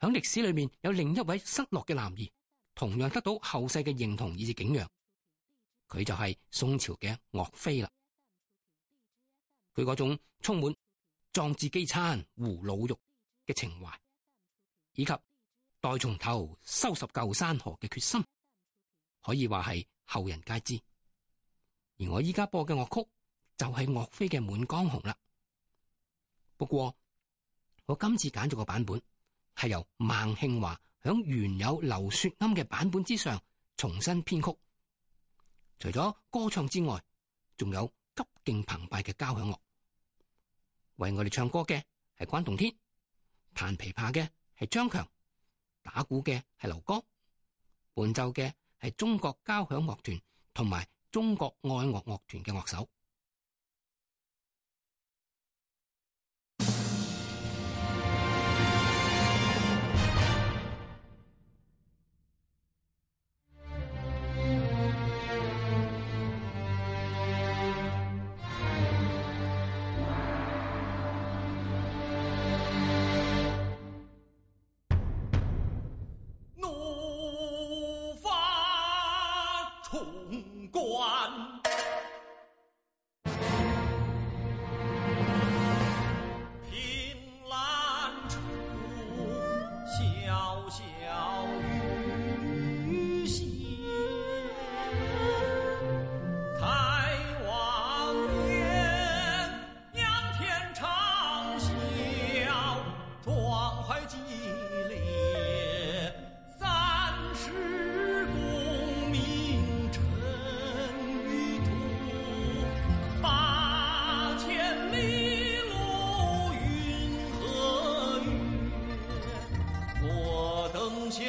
響歷史裏面有另一位失落嘅男兒，同樣得到後世嘅認同以至景仰。佢就係宋朝嘅岳飛啦。佢嗰種充滿壯志飢餐胡虜肉嘅情懷，以及待從頭收拾舊山河嘅決心，可以話係後人皆知。而我依家播嘅樂曲就係岳飛嘅《滿江紅》啦。不過我今次揀咗個版本。係由孟慶華響原有劉雪庵嘅版本之上重新編曲，除咗歌唱之外，仲有急勁澎湃嘅交響樂。為我哋唱歌嘅係關棟天，彈琵琶嘅係張強，打鼓嘅係劉剛，伴奏嘅係中國交響樂團同埋中國愛樂樂團嘅樂手。潼關。